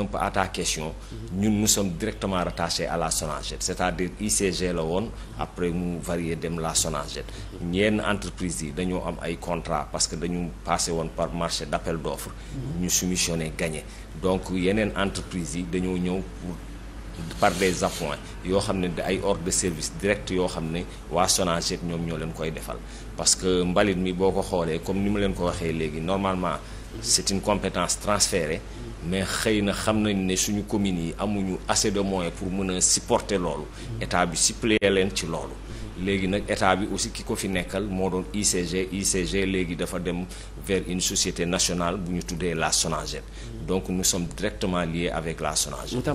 un peu à ta question ñun nous sommes directement rattachés à la Sonaged c'est-à-dire ICG la woon après mu varié dem la Sonaged ñenn entreprise yi dañoo am ay contrat parce que dañu passé woon par marché d'appel d'offres ñu soumissionné gagné donc yeneen entreprise yi dañoo ñëw pour par des appoints yoo xam ne ay ordre de service direct yoo xam ne waa Sonaged ñoom ñoo leen koy defal parce que mbalit mi boo ko xoolee comme ni ma leen ko waxee léegi normalement c'est une compétence transférée mais xëy na xam nañ ne suñu communes yi amuñu assez de moyens pour mën a supporter loolu état bi suppléer leen ci loolu léegi nag état bi aussi ki ko fi nekkal moo doon ICG ICG léegi dafa dem vers une société nationale bu ñu tuddee la Sonaged donc nous sommes directement liés avec la Sonaged